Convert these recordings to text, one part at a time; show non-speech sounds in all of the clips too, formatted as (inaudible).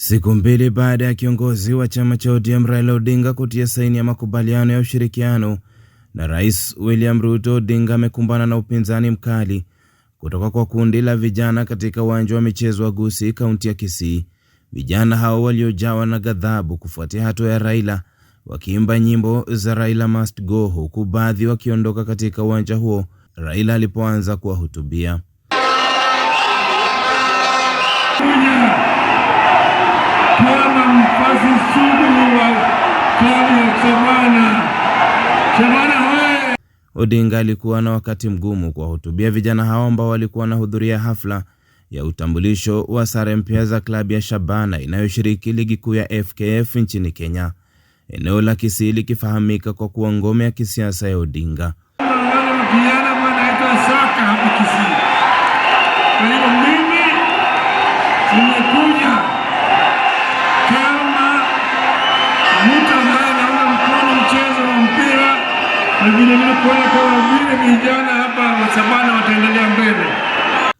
Siku mbili baada ya kiongozi wa chama cha ODM Raila Odinga kutia saini ya makubaliano ya ushirikiano na Rais William Ruto, Odinga amekumbana na upinzani mkali kutoka kwa kundi la vijana katika uwanja wa michezo wa Gusii, kaunti ya Kisii. Vijana hao waliojawa na ghadhabu kufuatia hatua ya Raila wakiimba nyimbo za Raila must go, huku baadhi wakiondoka katika uwanja huo Raila alipoanza kuwahutubia. Odinga alikuwa na wakati mgumu kuwahutubia vijana hao ambao walikuwa wanahudhuria hafla ya utambulisho wa sare mpya za klabu ya Shabana inayoshiriki ligi kuu ya FKF nchini Kenya. Eneo la Kisii likifahamika kwa kuwa ngome ya kisiasa ya Odinga. Kwa hivyo mimi nimekuja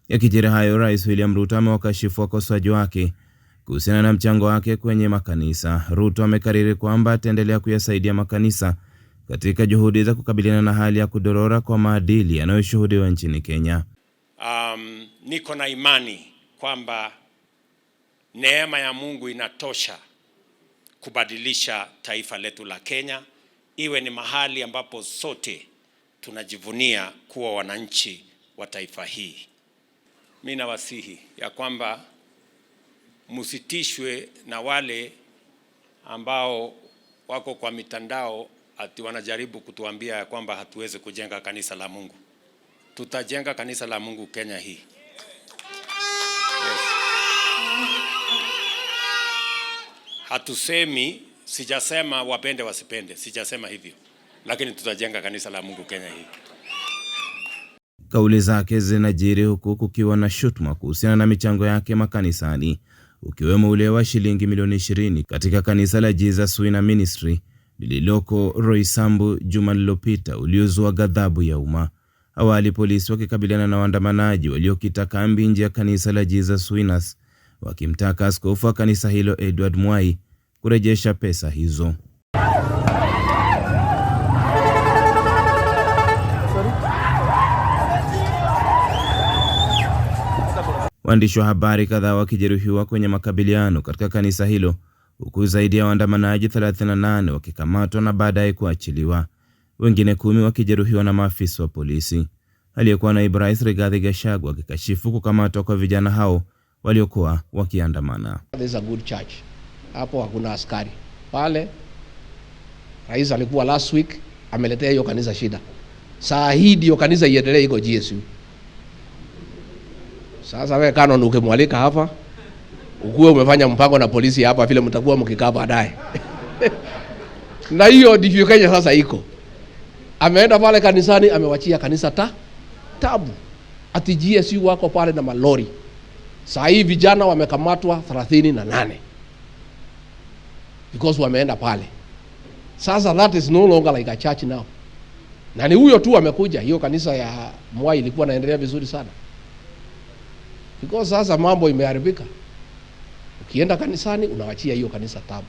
Yakijiri hayo, Rais William Ruto amewakashifu wakosoaji wake kuhusiana na mchango wake kwenye makanisa. Ruto amekariri kwamba ataendelea kuyasaidia makanisa katika juhudi za kukabiliana na hali ya kudorora kwa maadili yanayoshuhudiwa nchini Kenya. Um, niko na imani kwamba neema ya Mungu inatosha kubadilisha taifa letu la Kenya iwe ni mahali ambapo sote tunajivunia kuwa wananchi wa taifa hii. Mimi nawasihi ya kwamba msitishwe na wale ambao wako kwa mitandao ati wanajaribu kutuambia ya kwamba hatuwezi kujenga kanisa la Mungu. Tutajenga kanisa la Mungu Kenya hii. Yes. Hatusemi Sijasema wapende wasipende, sijasema hivyo, lakini tutajenga kanisa la Mungu Kenya hii. Kauli zake zinajiri huku kukiwa na shutuma kuhusiana na michango yake makanisani, ukiwemo ule wa shilingi milioni 20 katika kanisa la Jesus Winner Ministry lililoko Roysambu juma lililopita, uliozua ghadhabu ya umma. Awali polisi wakikabiliana na waandamanaji waliokita kambi nje ya kanisa la Jesus Winners wakimtaka askofu wa kanisa hilo Edward Mwai kurejesha pesa hizo. Waandishi wa habari kadhaa wakijeruhiwa kwenye makabiliano katika kanisa hilo huku zaidi ya waandamanaji 38 wakikamatwa na baadaye kuachiliwa, wengine kumi wakijeruhiwa na maafisa wa polisi. Aliyekuwa naibu rais Rigathi Gachagua akikashifu kukamatwa kwa vijana hao waliokuwa wakiandamana hapo hakuna askari pale. Rais alikuwa last week ameletea hiyo kanisa shida. Saa hii ndio kanisa iendelee iko GSU. Sasa wewe Canon ukimwalika hapa ukuwe umefanya mpango na polisi hapa vile mtakuwa mkikaa baadaye. (laughs) na hiyo ndivyo Kenya sasa iko. Ameenda pale kanisani amewachia kanisa ta tabu. Ati GSU wako pale na malori. Saa hii vijana wamekamatwa 38 because wameenda pale. Sasa that is no longer like a church now, na ni huyo tu amekuja. Hiyo kanisa ya Mwai ilikuwa naendelea vizuri sana because sasa mambo imeharibika. Ukienda kanisani unawachia hiyo kanisa tabu.